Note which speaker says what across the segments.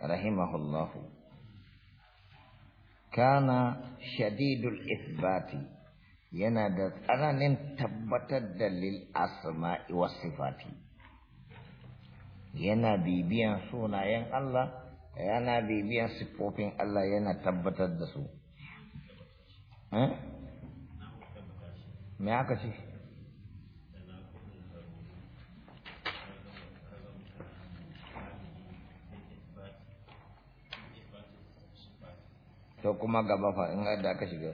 Speaker 1: rahimahullahu kana shadidul isbati yana da tsananin tabbatar da lil asma'i was sifati yana bibiyan sunayen Allah yana bibiyan siffofin Allah yana tabbatar da su eh? me aka ce to kuma gaba fa in da aka shiga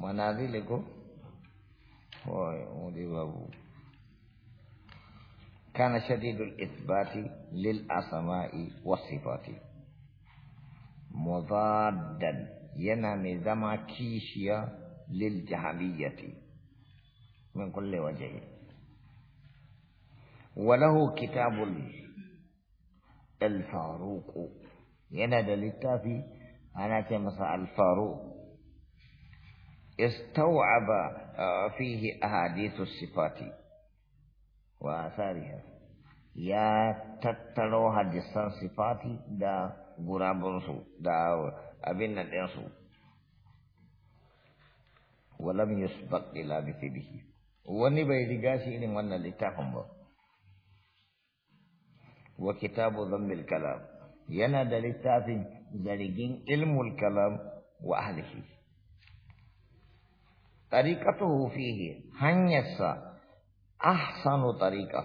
Speaker 1: manazili ko wai wani babu كان شديد الإثبات للأسماء والصفات مضادا ينام زما كيشيا للجهمية من كل وجه وله كتاب الفاروق yana da littafi ana ce masa alfaru istaw'aba uh, fihi ahadithu sifati wa asariha ya tattaro hadisan sifati da gurabunsu da abin nan ɗinsu walam yusbaq ila bihi wani bai riga shi irin wannan littafin ba wa kitabu zambil kalam yana da littafin zargin ilmul kalam wa ahlihi tariqatuhu fihi hanyarsa ahsanu tariqa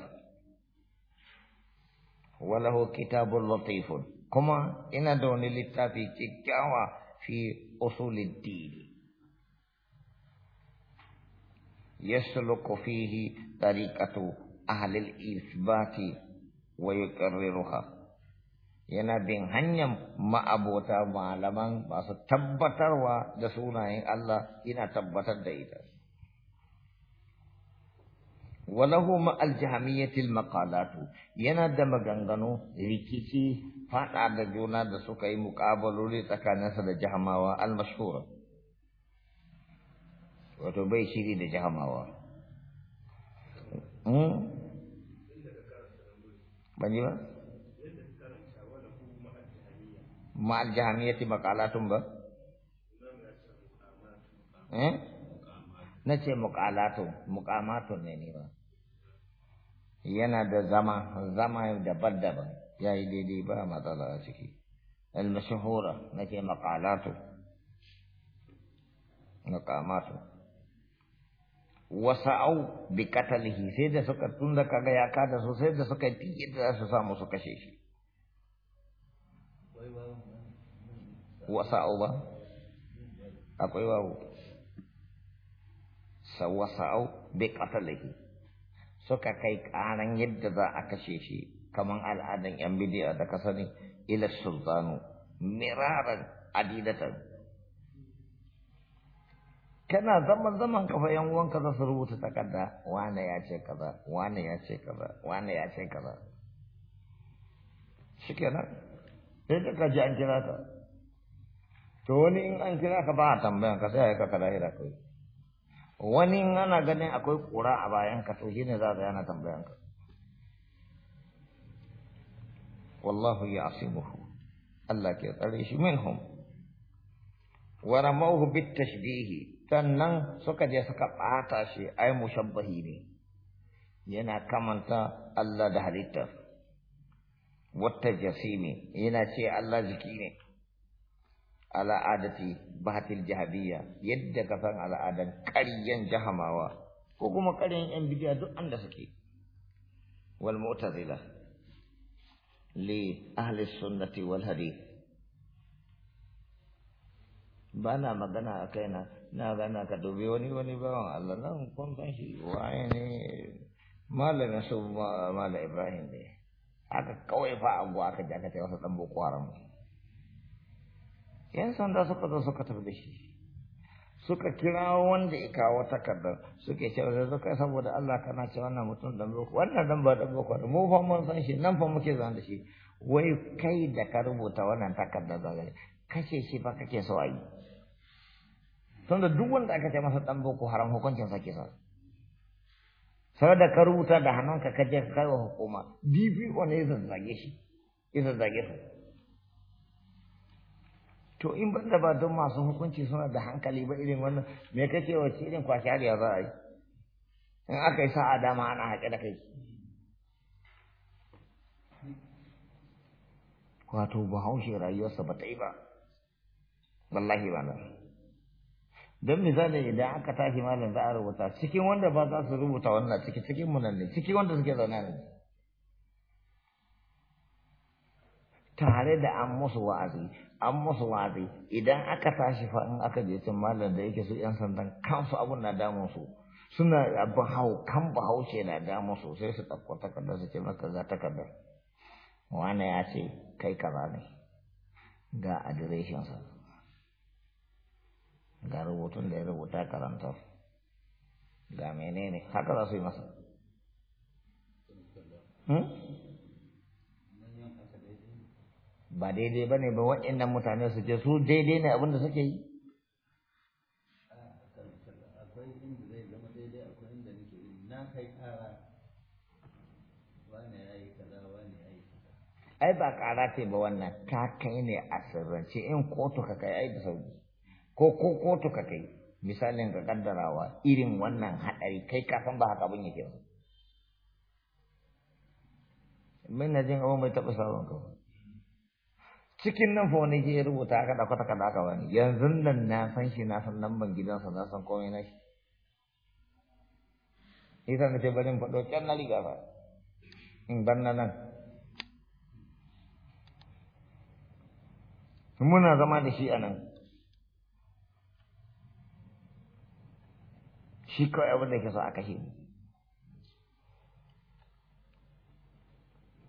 Speaker 1: wa lahu kitabul latifun kuma ina da wani littafi kyakkyawa fi usulid din يسلك فيه طريقة أهل الإثبات ويكررها yana bin hanyar ma'abota malaman masu tabbatarwa da sunayen Allah yana tabbatar da ita walahu ma'al jahamiyyatil maqalatu yana da maganganu rikici fada da juna da suka yi muƙabaloli tsakaninsa da jahamawa al wato bai shiri da jahamawa Hmm? ma'al jahmiyati maqalatun ba eh Na ce nace muqalatun muqamatun ne ni ba yana da zama zama da daban-daban yayi daidai ba matsala a ciki al-mashhura nace maqalatun muqamatun wasa'au bi qatalihi sai da suka tunda kaga ya kada sosai da suka yi yadda za su samu su kashe shi wasa'u ba akwai wawu sawasa'u bi qatlihi suka kai karan yadda za a kashe shi kaman al'adan yan bidiya da ka sani ila sultanu miraran adidatan kana zaman zaman kafa yan uwan za su rubuta takarda wane ya ce kaza wane ya ce kaza wane ya ce kaza shikenan sai da ka an kira ka to wani in an kira ka ba a tambayan ka sai ka kada ira kai wani in ana ganin akwai kura a bayan ka to shine za ka yana tambayan ka wallahu ya'simuhu Allah ke tsare shi minhum wa ramawhu bit tashbih sannan suka je suka bata shi ai mushabbahi ne yana kamanta Allah da halittarsa wata jasimi yana ce Allah jiki ne al'adati batil jahabiyya yadda ka san al'adan ƙaryan jahamawa ko kuma ƙaryan yan bidiya duk anda suke wal mu'tazila li ahli sunnati wal hadi bana magana a kai na na gana ka dubi wani wani bawan Allah nan kun san shi waye ne malamin su mala Ibrahim ne aka kawai fa anguwa aka ji aka ce ɗan boko haram yan sanda suka zo suka tafi da shi suka kira wanda ya kawo takardar suke cewa da suka saboda Allah kana ce wannan mutum dan boko wannan dan ba dan boko mu fa mun san shi nan fa muke zan da shi wai kai da ka rubuta wannan takardar da gare shi fa kake so ayi tunda duk wanda aka ce masa dan boko haram hukuncin sa sau da ka rubuta da hannunka ka je ka kai wa hukuma dpo ne zazzage shi ya zazzage su to in ban da ba don masu hukunci suna da hankali ba irin wannan me kake ce irin kwashi har ya za a yi in aka yi sa'a dama ana haƙe da kai wato bahaushe rayuwarsa ba ta yi ba wallahi ba nan don misali idan aka tashi malam za a rubuta cikin wanda ba za su rubuta wannan ciki cikin mu nan ne cikin wanda suke zaune ne tare da an musu wa'azi an musu wa'azi idan aka tashi fa in aka je cin malam da yake su yan sandan kansu abun na damun su suna abin hau kan ce na damun su sai su ɗauko takardar su ce maka za takardar wani ya ce kai kaza ne ga adireshinsa ga rubutun da ya rubuta karanta ga menene haka za su yi masa hmm? ba daidai ba ne ba waɗannan mutane su je su daidai ne abinda suke yi ai ba ƙara ce ba wannan ta kai ne a sirrance in kotu ka kai ai da sauki ko ko kotu ka kai misalin ka kaddarawa irin wannan hadari kai ka san ba haka ya yake ba min na jin abin mai taɓa sauran ka cikin nan fa wani ya rubuta aka ɗauka takarda aka bani yanzu nan na san shi na san lamban gidansa na san komai na shi Isa na ce bari faɗo can na riga ba in ban na nan muna zama da shi a nan shi kawai abin da ke so a kashe ni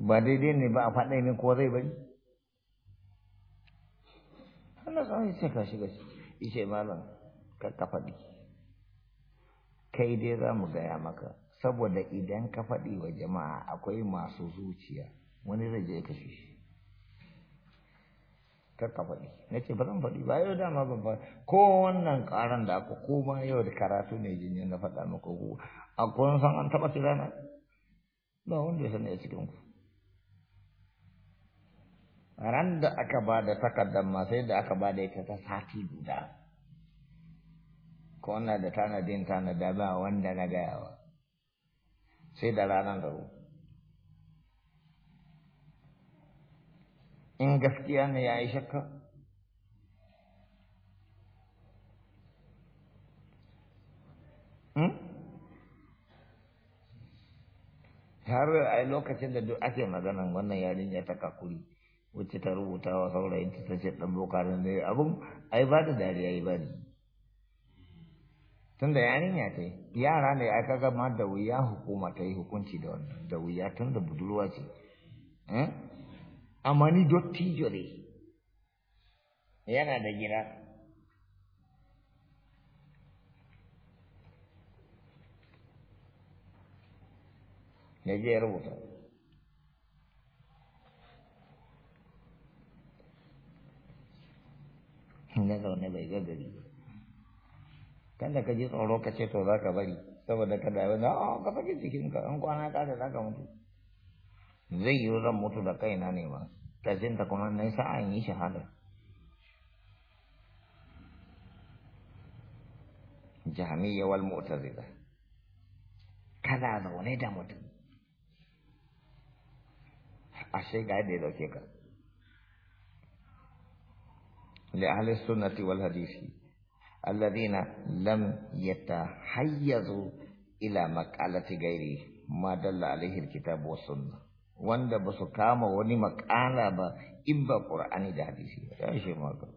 Speaker 1: ba daidai ne ba a faɗa ne ko zai bari Allah tsawon sai ka shiga ishe malam ka faɗi kai dai za mu gaya maka saboda idan ka faɗi wa jama'a akwai masu zuciya wani zai je kashe shi kar ka faɗi na ce ba zan faɗi ba yau dama ban faɗi ko wannan ƙaran da aka koma yau da karatu ne jinya na faɗa maka ku a kun san an taɓa tirana ba wanda ya sani a cikin ku ran da aka ba da takardar ma sai da aka ba da ita ta sati guda ko na da tanadin tanada ba wanda na gayawa sai da ranar da in gaskiya ne ya yi shakka hmm? har a lokacin da duk ake maganan wannan ya ta kakuri wacce ta rubuta wa saurayin ta ce dan bokarin da abun ai ba da dariya yi ba ne tun da ya ta yara ne aka gama da wuya hukuma ta yi hukunci da wannan da wuya tun da budurwa ce hmm? amani ni dottijo ne yana da gida ya je ya rubuta na zaune bai ga gari kada ka ji tsoro ka ce to za ka bari saboda kada ya wani a ka cikin cikinka an kwana ka da za ka mutu zai yi zan mutu da kaina ne ba ƙarfin ta kuma na sa an yi shahada jami'a wal mu'tazila kana zaune da mutum ashe ga yadda ya dauke ka li ahli sunnati wal hadisi alladhina lam ila maqalati ghairi ma dalla alaihi alkitab was wanda ba su kama wani makala ba in ba ƙur'ani da hadisi ba ya shi maka